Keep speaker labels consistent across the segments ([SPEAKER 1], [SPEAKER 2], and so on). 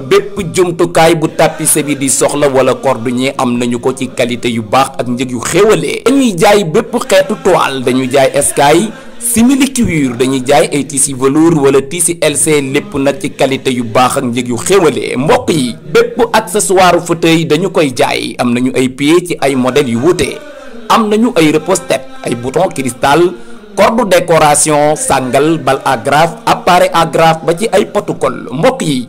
[SPEAKER 1] bépp jumtukaay bu tapisse bi di soxla wala ñi am nañu ko ci qualité yu baax ak njëg yu xéwalee dañuy jaay bépp xeetu toile dañu jaay eskay simili cuir dañuy jaay ay tissu velours wala tissu LC lépp nag ci qualité yu baax ak njëg yu xéwale mbokk yi bépp accessoire fauteuil dañu koy jaay am nañu ay pie ci ay modèles yu wuute am nañu ay repose ay bouton cristal corde décoration sangal bal agrafe appareil agrafe ba ci ay protocole mbokk yi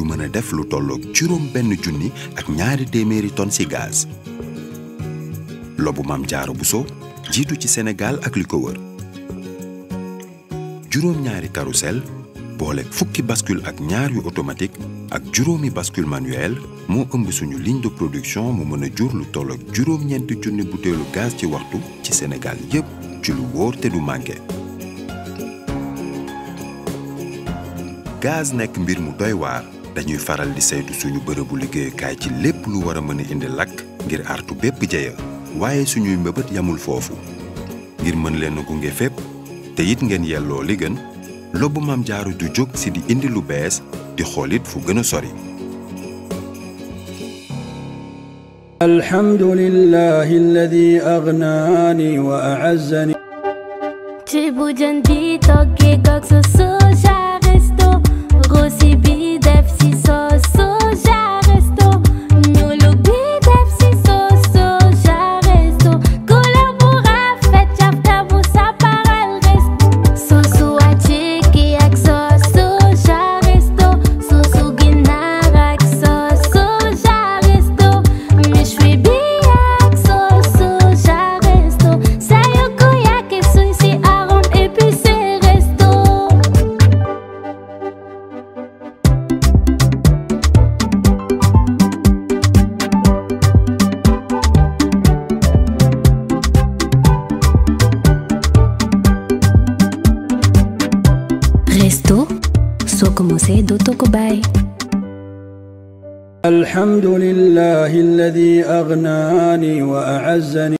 [SPEAKER 2] yu mën a def lu tolloog juróom junni ak ñaari téeméeri tonnes ci gaz. lobu maam jaaro Bousso jiitu ci senegal ak li ko wër juróom ñaari carrousel boole fukki baskul ak ñaar yu automatique ak juróomi baskul manuel moo ëmb suñu ligne de production mu mën a jur lu toll ak juróom-ñeenti junni butéelu gaz ci waxtu ci Sénégal yépp ci lu wóor te du manqué. gaz nekk mbir mu doy waar. dañuy faral di saytu suñu bërëbu liggéeyukaay ci lépp lu war a mën indi lakk ngir artu bépp jeya waaye suñuy mbëbët yamul foofu ngir mën leen gunge fépp te it ngeen yelloo li gën lobbu maam jaaru ju jóg si di indi lu bees di xoolit fu gën a sori
[SPEAKER 3] alhamdulillahi alladi agnaani wa a'azzani मुझसे दूतों को बाय الحمد لله الذي أغناني وأعزني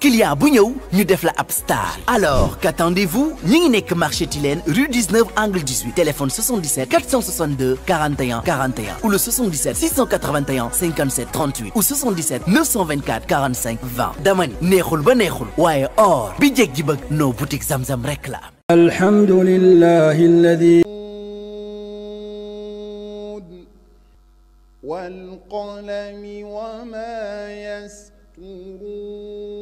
[SPEAKER 3] client bu ñëw ñu def la ab star alors qu'attendez-vous ñi ngi nekk marché Tilène rue 19 angle 18 téléphone 77 462 41 41 ou le 77 681 57 38 ou 77 924 45 20 dama ni neexul ba neexul waaye or bi jeg ji bëgg noo boutique Zamzam rek la alhamdulillahi alladhi wal qalami wa ma yasturuun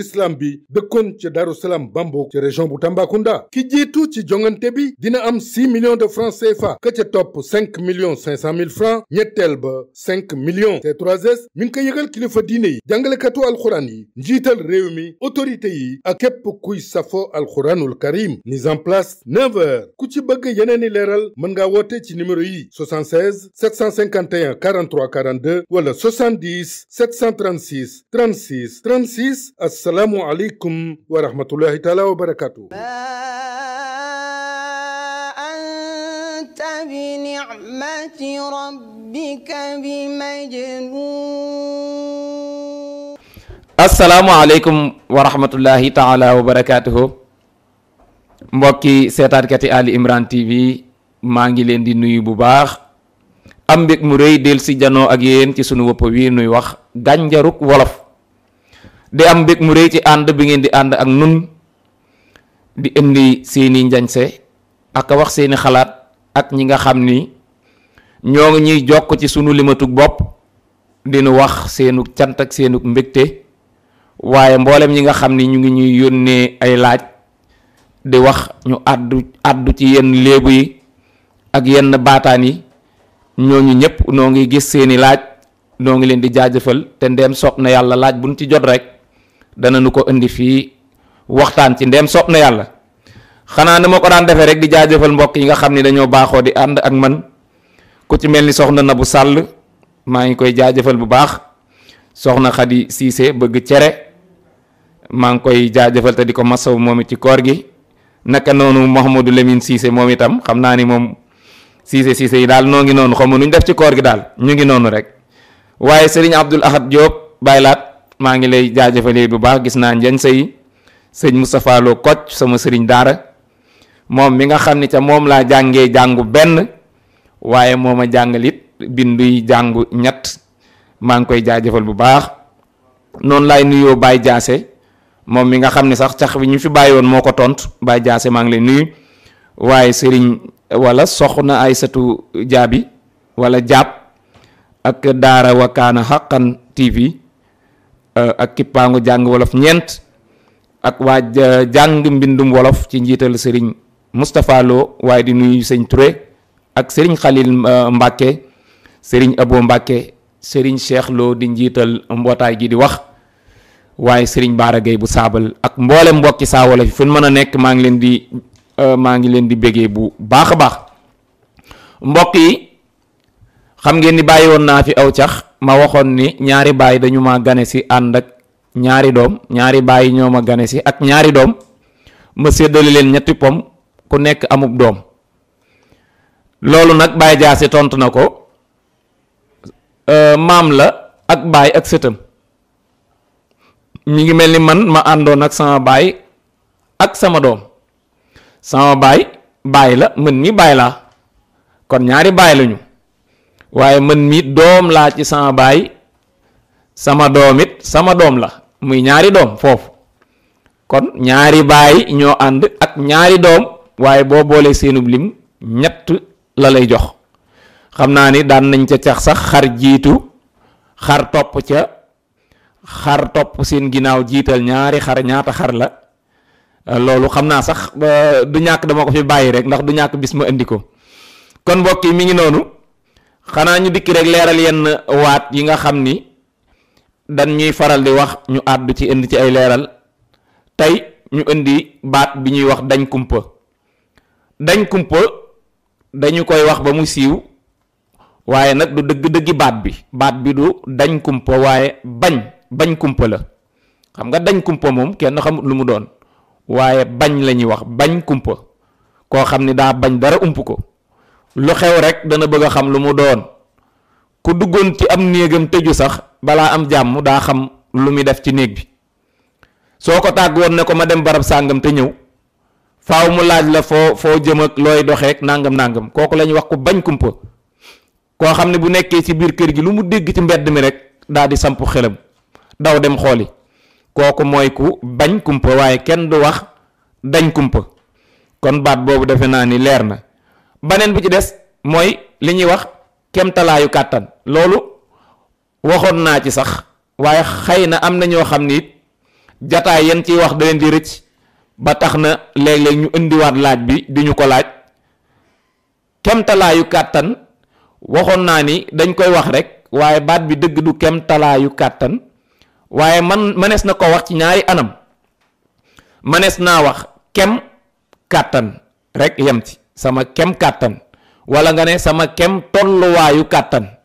[SPEAKER 3] l'islam bi dëkkoon ci Daaru Salaam Bambok ca région bu Tambacounda ki jiitu ci jongante bi dina am 6 million de francs CFA ka ca topp 5 millions 500 mille francs ñetteel ba 5 millions C3S mi ngi ko yëgal kilifa diine yi jàngalekatu alxuraan njiital réew mi autorité yi ak képp kuy safo alxuraanul karim mise en place 9 heures ku ci bëgg yeneeni leeral mën ngaa woote ci numéro yi 76 751 43 42 wala 70 736 36 36 ak asalaamu aleykum wa rahmatullahi taala wa barakaatu.
[SPEAKER 2] بنعمة ربك
[SPEAKER 1] mbokki seetaankat yi Imran TV maa ngi leen di nuyu bu baax am mbég mu rëy del si janoo ak ci sunu wopp wi nuy wax gànjarug wolof di am mbég mu réy ci ànd bi ngeen di ànd ak nun di indi seeni njañse ak wax seeni xalaat ak ñi nga xam ni ñoo ngi ñuy jokk ci sunu limatug bopp dinu wax seenu cant ak seenu mbégte waaye mboolem ñi nga xam ni ñu ngi ñuy yónnee ay laaj di wax ñu àddu àddu ci yenn léebu yi ak yenn baataan yi ñooñu ñëpp noo ngi gis seeni laaj noo ngi leen di jaajëfal te ndeem soob na yàlla laaj buñ ci jot rek dana nu ko indi fii waxtaan ci ndeem soob na yàlla xanaa na ma ko daan defee rek di jaajëfal mbokk yi nga xam ni dañoo baaxoo di ànd ak man ku ci mel ni soxna na bu sàll maa ngi koy jaajëfal bu baax soxna Khady Cissé bëgg cere maa ngi koy jaajëfal te di ko masaw moom it ci koor gi naka noonu Mouhamadou Lamine Cissé moom itam xam naa ni moom Cissé Cissé yi daal noo ngi noonu xaw ma nu ñu def ci koor gi daal ñu ngi noonu rek waaye Serigne Abdoul Ahad Diop maa ngi lay jaajëfalee bu baax gis naa njëñ say sëñ Moustapha Lo Kocc sama sëriñ daara moom mi nga xam ne ca moom laa jàngee jàngu benn waaye moo jàngalit binduy jàngu ñett maa ngi koy jaajëfal bu baax noonu laay nuyoo Baye Diassé moom mi nga xam ne sax cax bi ñu fi bàyyi moo ko tontu Baye Diassé maa ngi lay nuyu waaye sëriñ wala soxna Aysatu Jaabi walla Jaab ak Daara Wakana xàqan TV Euh, ak kippaangu jàng wolof ñeent ak waa euh, jàng mbindum wolof ci njiital sëriñ Moustapha Lo waaye di nuyu sëñ Touré ak sëriñ Khalil euh, Mbacke sëriñ Abo Mbacke sëriñ Cheikh di njiital mbootaay gi di wax waaye sëriñ Baara Gueye bu saabal ak mboole mbokki saa wolof yi fu ñu mën a nekk maa ngi leen di maa ngi leen di bégee bu baax a baax mbokk xam ngeen ni bàyyi woon naa fi aw cax ma waxoon ni ñaari baay dañu ma gane si ànd ak ñaari doom ñaari baay ñoo ma gane si ak ñaari doom ma séddale leen ñetti pom ku nekk amub doom loolu nag baay jaase tontu na ko euh, maam la ak baay ak sëtam mi ngi mel ni man ma àndoon ak sama baay ak sama doom sama baay baay la mën ni baay laa kon ñaari baay lañu waaye mën mi doom laa ci sama baay sama doomit sama doom la muy ñaari doom foofu kon ñaari baay ñoo ànd ak ñaari doom waaye boo boolee seenub lim ñett la lay jox xam naa ni daan nañ ca cax sax xar jiitu xar topp ca xar topp seen ginnaaw jiital ñaari xar ñaata xar la loolu xam naa sax du ñàkk dama ko fi bàyyi rek ndax du ñàkk bis ma indi ko kon mbokk yi ngi noonu xanaa ñu dikki rek leeral yenn waat yi nga xam ni dañ ñuy faral di wax ñu àddu ci indi ci ay leeral tey ñu indi baat bi ñuy wax dañ kumpa dañ kumpa dañu koy wax ba mu siiw waaye nag du dëgg-dëggi baat bi baat bi du dañ kumpa waaye bañ bañ kumpa la xam nga dañ kumpa moom kenn xamut lu mu doon waaye bañ lañuy wax bañ kumpa koo xam ni daa bañ dara ump ko lu xew rek dana bëgg a xam lu mu doon ku duggoon ci am néegam tëju sax balaa am jàmm daa xam lu muy def ci néeg bi soo ko tàggoon ne ko ma dem barab sàngam te ñëw faw mu laaj la foo foo jëm ak looy doxeek nàngam nàngam kooku la wax ko bañ kumpa koo xam ne bu nekkee ci biir kër gi lu mu dégg ci mbedd mi rek daa di samp xelam daw dem xooli kooku mooy ku bañ kumpa waaye kenn du wax dañ kumpa kon baat boobu defe naa ni leer na baneen bi ci des mooy li ñuy wax kemtalaayu kàttan loolu waxoon naa ci sax waaye xëy na am na ñoo xam ni it jataay yan ciy wax da leen di rëcc ba tax na léeg-léeg ñu indiwaat laaj bi di ñu ko laaj kemtalaayu kàttan waxoon naa ni dañ koy wax rek waaye baat bi dëgg du kemtalaayu kàttan waaye man mënees na ko wax ci ñaari anam mënees naa wax kem kàttan rek yem ci sama kem kàttan walla nga ne sama kem tolluwaayu kàttan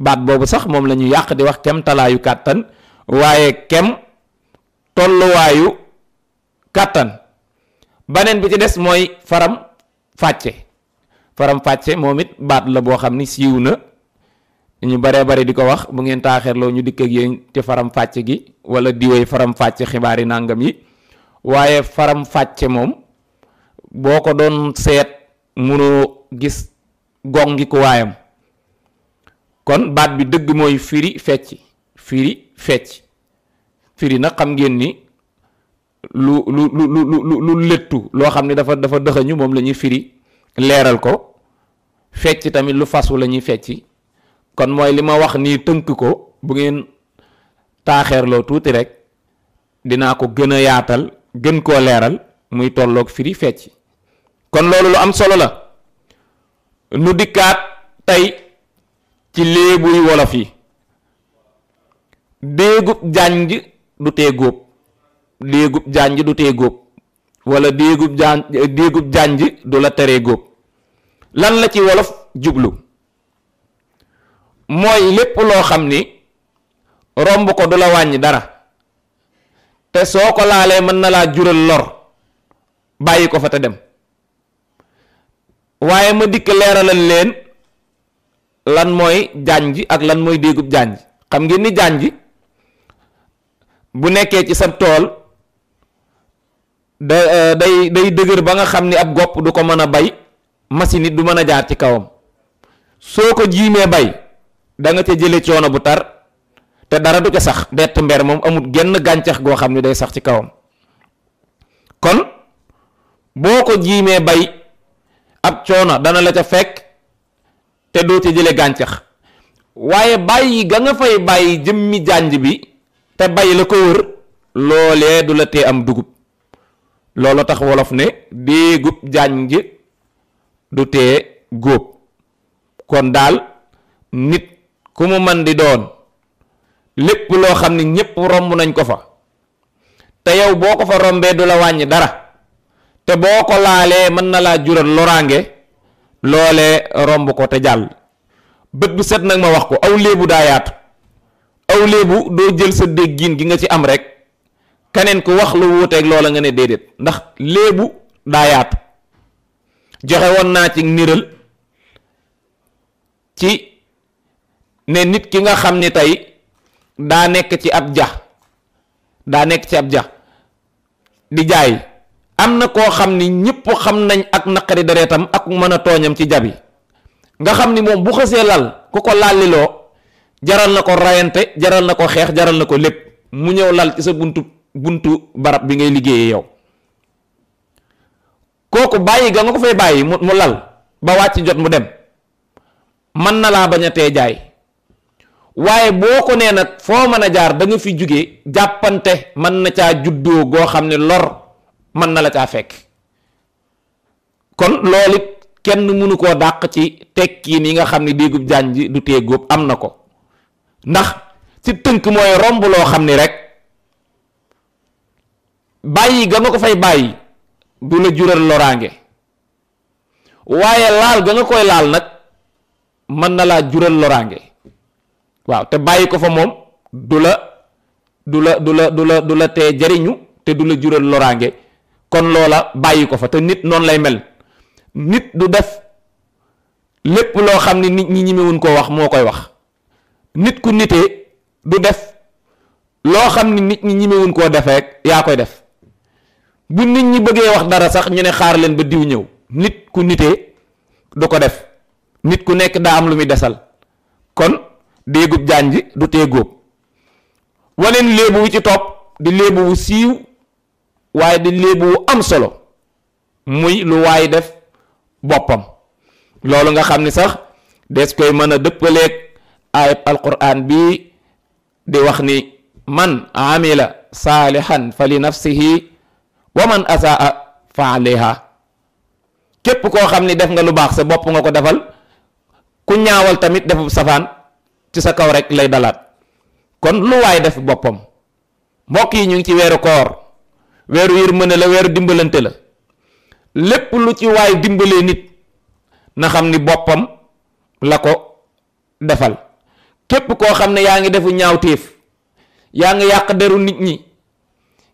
[SPEAKER 1] baat boobu sax moom la ñu yàq di wax kem talaayu kàttan waaye kem tolluwaayu kàttan baneen bi ci des mooy faram fàcce faram fàcce moom it baat la boo xam ni siiw na ñu baree bari di ko wax bu ngeen taaxeerloo ñu dikk ak yéen ci faram fàcce gi wala diwee faram fàcce xibaari nàngam yi waaye faram fàcce moom boo ko doon seet munoo gis gongiku waayam kon baat bi dëgg mooy firi fecc firi fecc firi nag xam ngeen ni lu lu lu lu lu léttu loo xam ne dafa dafa dëxëñu moom lañuy firi leeral ko fecc tamit lu fasu lañuy fecc kon mooy li ma wax nii tënk ko bu ngeen taaxeerloo tuuti rek dinaa ko gën a yaatal gën koo leeral muy tolloog firi fecc kon loolu lu am solo la nu dikkaat tey ci léebuy wolof yi déegub jànj du tee góob déegub jànj du tee góob wala déegub jaan déegub jànj du la teree góob lan la ci wolof jublu mooy lépp loo xam ni romb ko du la wàññi dara te soo ko laalee mën na laa jural lor bàyyi ko fa te dem waaye ma dikk leeralal leen lan mooy janj ak lan mooy déegub jànj xam ngeen ni janj bu nekkee ci sa tool da euh, day day dëgër ba nga xam ni ab gopp du ko mën a bay machine it du mën a jaar ci kawam soo ko jiimee bay danga nga ca jële coono bu tar te dara du ca sax dett mber moom amul genn gàncax goo xam ni day sax ci kawam kon boo ko jiimee bay ab coono dana la ca fekk te doo ca jële gàncax waaye bàyyi ga nga fay bàyyi jëmmi jànj bi te bay la ko wër loolee du la tee am dugub loolu tax wolof ne déegub jànj du tee góob kon daal nit ku mu man di doon lépp loo xam ne ñépp romb nañ ko fa te yow boo ko fa rombee du la wàññi dara te boo ko laalee mën na laa jural loraange loole romb ko te jàll bët bu set nag ma wax ko aw léebu daa yaatu aw léebu doo jël sa déggiin gi nga ci am rek keneen ku wax lu wuuteeg loola nga ne déedéet ndax léebu daa yaatu joxe naa ci niral ci ne nit ki nga xam ni tey daa nekk ci ab ja daa nekk ci ab ja di jaay am na koo xam ni ñëpp xam nañ ak naqari deretam ak mën a tooñam ci jabi nga xam ni moom bu xësee lal ku ko lalliloo jaral na ko rayante jaral na ko xeex jaral na ko lépp mu ñëw lal sa buntu buntu barab bi ngay liggéeyee yow kooku bàyyi ga nga ko bàyyi mu mu lal ba wàcc jot mu dem mën na laa bañ a tee jaay waaye boo ko nee nag foo mën a jaar da nga fi jóge jàppante mën na caa juddoo goo xam ne lor mën na la caa fekk kon loolu it kenn mënu koo dàq ci tekkiin yi nga xam ne déegub jànj du tee góob am na ko ndax ci tënk mooy romb loo xam ni rek bàyyi ga nga ko fay bàyyi du la jural loraange waaye laal ga koy laal nag mën na laa jural loraange waaw te bàyyi ko fa moom du la du la du la du la du la tee jariñu te du la jural loraange kon loola bàyyi ko fa te nit noonu lay mel nit du def lépp loo xam ni nit ñi ñemewuñ koo wax moo koy wax nit ku nitee du def loo xam ni nit ñi ñimewuñ koo def rek yaa koy def bu nit ñi bëggee wax dara sax ñu ne xaar leen ba diw ñëw nit ku nitee du ko def nit ku nekk daa am lu muy desal kon déegub jànj ji du tee góob léebu wu ci topp di léebu wu siiw waaye di léebu wu am solo muy lu waay def boppam loolu nga xam ni sax des koy mën a dëppaleeg ayab alquran bi di wax ni man amila saalihan fa li nafsihi wa man asaa fa aleyha képp koo xam ni def nga lu baax sa bopp nga ko defal ku ñaawal tamit defu safaan ci sa kaw rek lay dalaat kon lu waay def boppam mbokk yi ñu ngi ci weeru koor weeru yërmande la weeru dimbalante la lépp lu ci waay dimbalee nit na xam ni boppam la ko defal képp koo xam ne yaa ngi defu ñaaw ñaawteef yaa ngi yàq deru nit ñi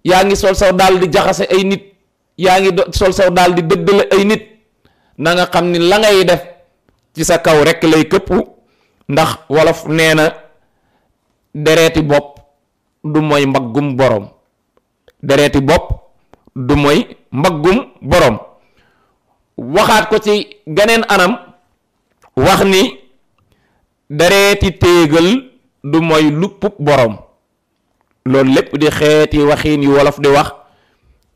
[SPEAKER 1] yaa ngi sol saw daal di jaxase ay nit yaa ngi sol saw daal di dëddale ay nit na nga xam ni la ngay def ci sa kaw rekk lay këppu ndax wolof nee na dereeti bopp du mooy mbaggum boroom dereeti bopp du mooy mbaggum boroom waxaat ko ci geneen anam wax ni dereeti téegal du mooy luppub boroom lool lépp di xeeti waxiin yu wolof di wax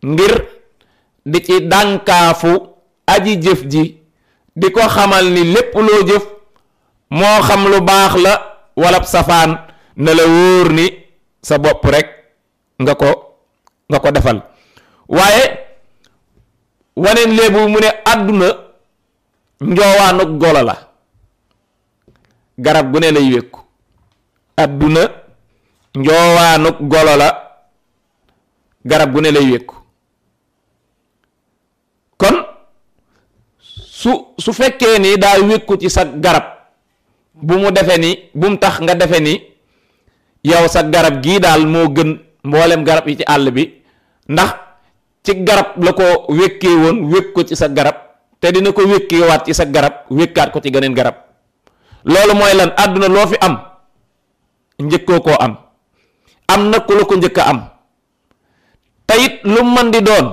[SPEAKER 1] ngir di ci dànkaafu aji jëf ji di ko xamal ni lépp loo jëf moo xam lu baax la walab safaan na la wóor ni sa bopp rekk nga ko nga ko defal waaye waneen léebu mu ne àdduna njoowaanug golo la garab gu ne lay wékku àdduna njoowaanug golo la garab gu ne lay wékku kon su su fekkee ni daa wékku ci sa garab bu mu defe ni bu mu tax nga defe ni yow sa garab gii daal moo gën mboolem garab yi ci àll bi ndax ci garab la ko wékkee woon wékk ko ci sa garab te dina ko wékkeewaat ci sa garab wékkaat ko ci geneen garab loolu mooy lan àdduna loo fi am njëkkoo ko am am na ku la ko njëkk a am tayit lu mën di doon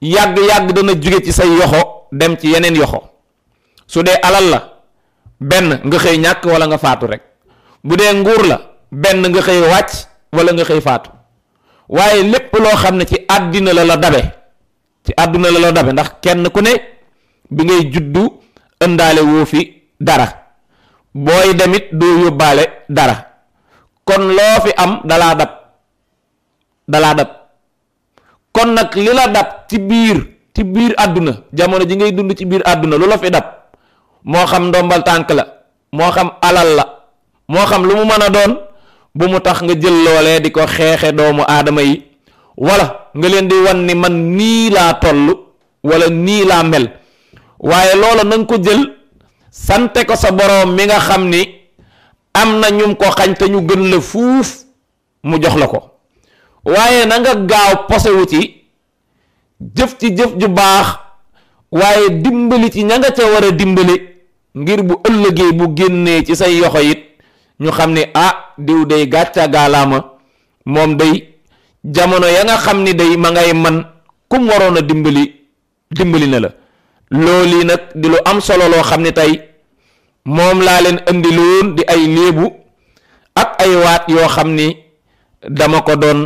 [SPEAKER 1] yàgg-yàgg dana jóge ci say yoxo dem ci yeneen yoxo su dee alal la benn nga xëy ñàkk wala nga faatu rek bu dee nguur la benn nga xëy wàcc wala nga xëy faatu waaye lépp loo xam ne ci àddina la la dabe ci àdduna la la dabe ndax kenn ku ne bi ngay juddu ëndaale woo fi dara booy demit doo yóbbaale dara kon loo fi am dalaa dab dalaa dab kon nag li la dab ci biir ci biir àdduna jamono ji ngay dund ci biir àdduna lu la fi dab moo xam ndombal tànk la moo xam alal la moo xam lu mu mën a doon bu mu tax nga jël loolee di ko xeexe doomu aadama yi wala nga leen di wan ni man nii laa toll walla nii laa mel waaye loola na ko jël sante ko sa boroom mi nga xam ni am na ñum ko xañ te ñu gën la fuuf mu jox la ko waaye na nga gaaw posewu ci jëf ci jëf ju baax waaye dimbali ci ña nga ca war a dimbali ngir bu ëllëgee bu génnee ci say yoxo it ñu xam ne ah diw day gàcca moom day jamono ya nga xam ni day ma ngay man kum waroon a dimbali dimbali na la lii nag di lu am solo loo xam ne tey moom laa leen indiloon di ay léebu ak ay waat yoo xam ni dama ko doon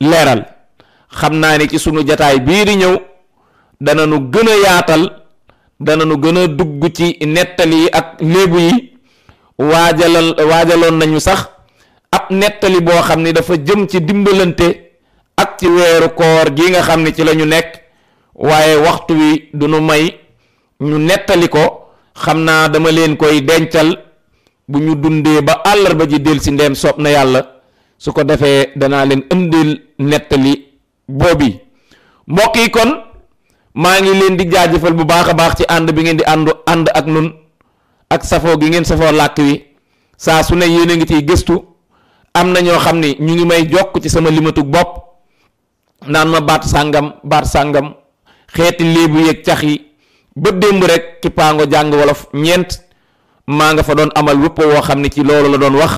[SPEAKER 1] leeral xam naa ne ci sunu jataay bii di ñëw dana nu gën yaatal dana nu gën a dugg ci nettali yi ak léebu yi waajalal waajaloon nañu sax ab nettali boo xam ni dafa jëm ci dimbalante ak ci weeru koor gi nga xam ni ci lañu nekk waaye waxtu wi du nu may ñu nettali ko xam naa dama leen koy dencal bu ñu dundee ba àllarba ji del si ndeem soob na yàlla su ko defee danaa leen ëndil nettali boobi mbokk yi kon maa ngi leen di jaajëfal bu baax a baax ci ànd bi ngeen di àndu ànd ak nun ak safoo gi ngeen safoo làkk wi saa su ne yéen a ngi ciy gëstu am na ñoo xam ni ñu ngi may jokk ci sama limatug bopp naan ma baat sàngam baat sàngam xeeti léebu yeeg cax yi ba démb rek ci paango jàng wolof ñeent maa nga fa doon amal wëpp woo xam ne ci loolu la doon wax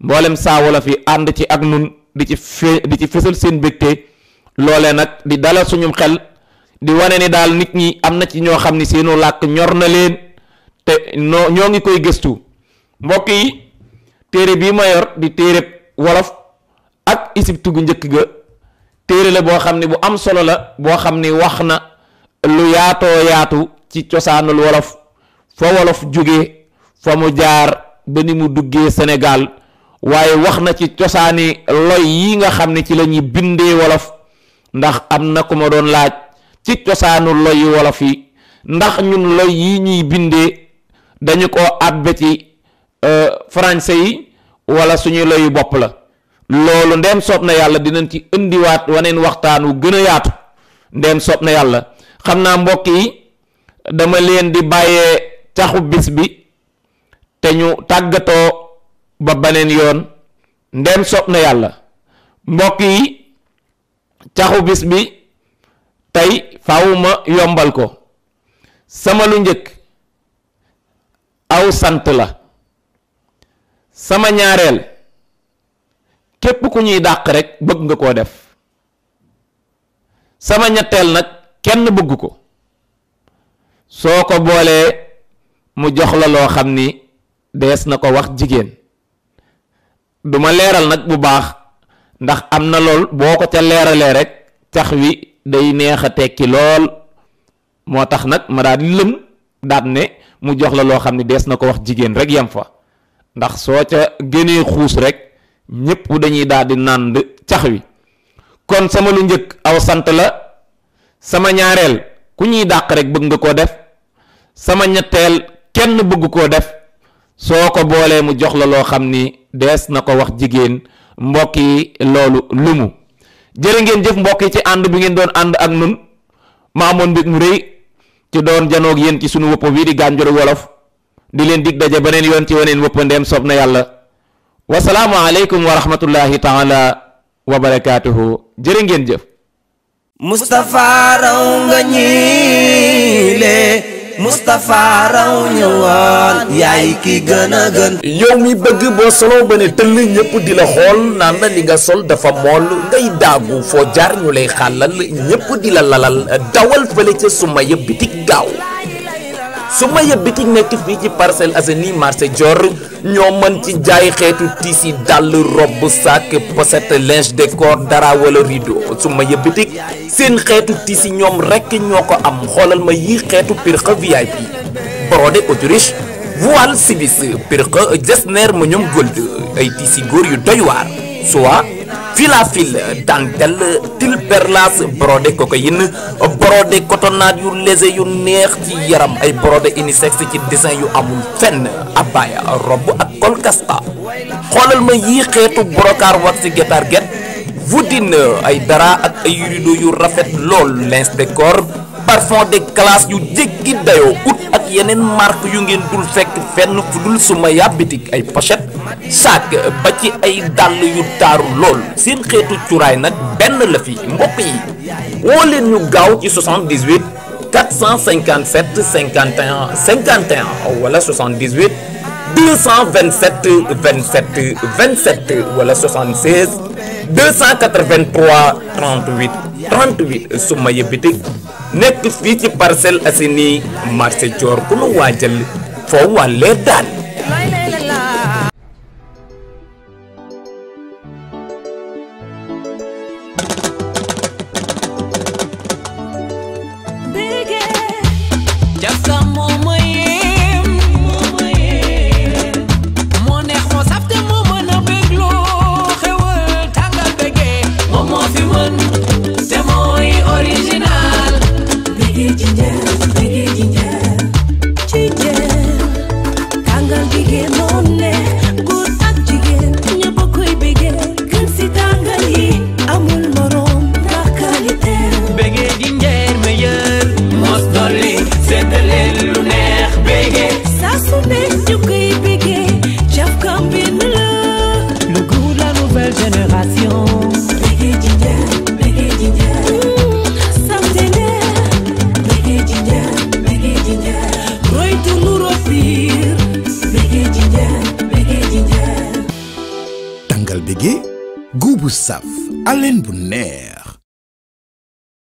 [SPEAKER 1] mboolem saa wolof yi ànd ci ak nun di ci fe di ci fësal seen bégte loolee nag di dalal suñum xel di wane ni daal nit ñi am na ci ñoo xam ni seenu làkk ñor na leen te noo ñoo ngi koy gëstu mbokk yi téere bii ma yor di téere wolof ak isibtu gu njëkk ga téere la boo xam ne bu am solo la boo xam ni wax na lu yaatoo yaatu ci cosaanul wolof fa wolof jóge fa mu jaar ba ni mu duggee Sénégal waaye wax na ci cosaani loy yi nga xam ne ci lañuy bindee wolof ndax am na ku ma doon laaj ci cosaanu loyi wolof yi ndax ñun loy yi ñuy bindee dañu ko àbbe ci euh, france yi wala suñu layu bopp la loolu ndem soob na yàlla dinañ ci indiwaat waneen waxtaan wu gën a yaatu ndeem soob na yàlla xam naa mbokk yi dama leen di bàyyee caxu bis bi te ñu tàggatoo ba baneen yoon ndem soob na yàlla mbokk yi caxu bis bi tey faaw yombal ko sama lu njëkk aw sant la sama ñaareel képp ku ñuy dàq rekk bëgg nga koo def sama ñetteel nag kenn bëgg ko soo ko boolee mu jox la loo xam ni dees na ko wax jigéen duma leeral nag bu baax ndax am na lool boo ko ca leeralee rek cax wi day neex a tekki lool moo tax nag ma daal di daat ne mu jox la loo xam ne dees na ko wax jigéen rek yem fa ndax soo ca génnee xuus rek ñépp dañuy daal di nànd cax wi kon sama lu njëkk aw sant la sama ñaareel ku ñuy dàq rek bëgg nga koo def sama ñetteel kenn bëgg koo def soo ko boolee mu jox la loo xam ni dees na ko wax jigéen mbokk yi loolu lumu jërë ngeen jëf mbokk yi ci ànd bi ngeen doon ànd ak nun maamoon mbég mu rëy ci doon janoog yéen ci sunu wëpp wii di Gandiol Wolof di leen dig daje beneen yoon ci weneen wëpp ndeem soob na yàlla wasalaamu aleykum wa rahmatullahi taala wa barakaatuhu jërë ngeen jëf Mustafa raw nga ñiile Moustapha raw ñëwaat yaay ki gën a gën. yow mi bëgg boo solo ba ne tëll ñëpp di la xool naan la li nga sol dafa mool ngay daagu foo jaar ñu lay xàllal ñëpp di la lalal dawal fële ca suma yëpp bitik gaaw. su Soumaya bitik nekk fii ci parcelle Assainies marché Dior ñoo mën ci jaay xeetu tissu dàll robe sac pochette linge de corps dara wala rideau Soumaya bitik seen xeetu tissu ñoom rekk ñoo ko am xoolal ma yii xeetu pirxa VIP brodé autriche voile sivis pirxa jesner ma ñoom gold ay tissu góor yu doy waar soit fil à fil dentelle til perlas brodé cocaïne brodé cotonnade yu léger yu neex ci yaram ay brodé unisexe ci dessin yu amul fenn abaya robb ak kolkasta xoolal ma yii xeetu brocart wax ci guétar guet wudin ay dara ak ay rideau yu rafet lool linge de corps parfum de classe yu jéggi dayoo ut ak yeneen marque yu ngeen dul fekk fenn fu suma yàbbitik ay pochette saak ba ci ay dàll yu taaru lool seen xeetu cuuraay nag benn la fi mbokk yi woo leen ñu gaaw ci 78 457 51 51 wala 78 227 27 27 wala 76 283 38 38 su ma yëbbite nekk fii ci Parcelles Assainies marché Dior ku nu waajal foo wàllee daal.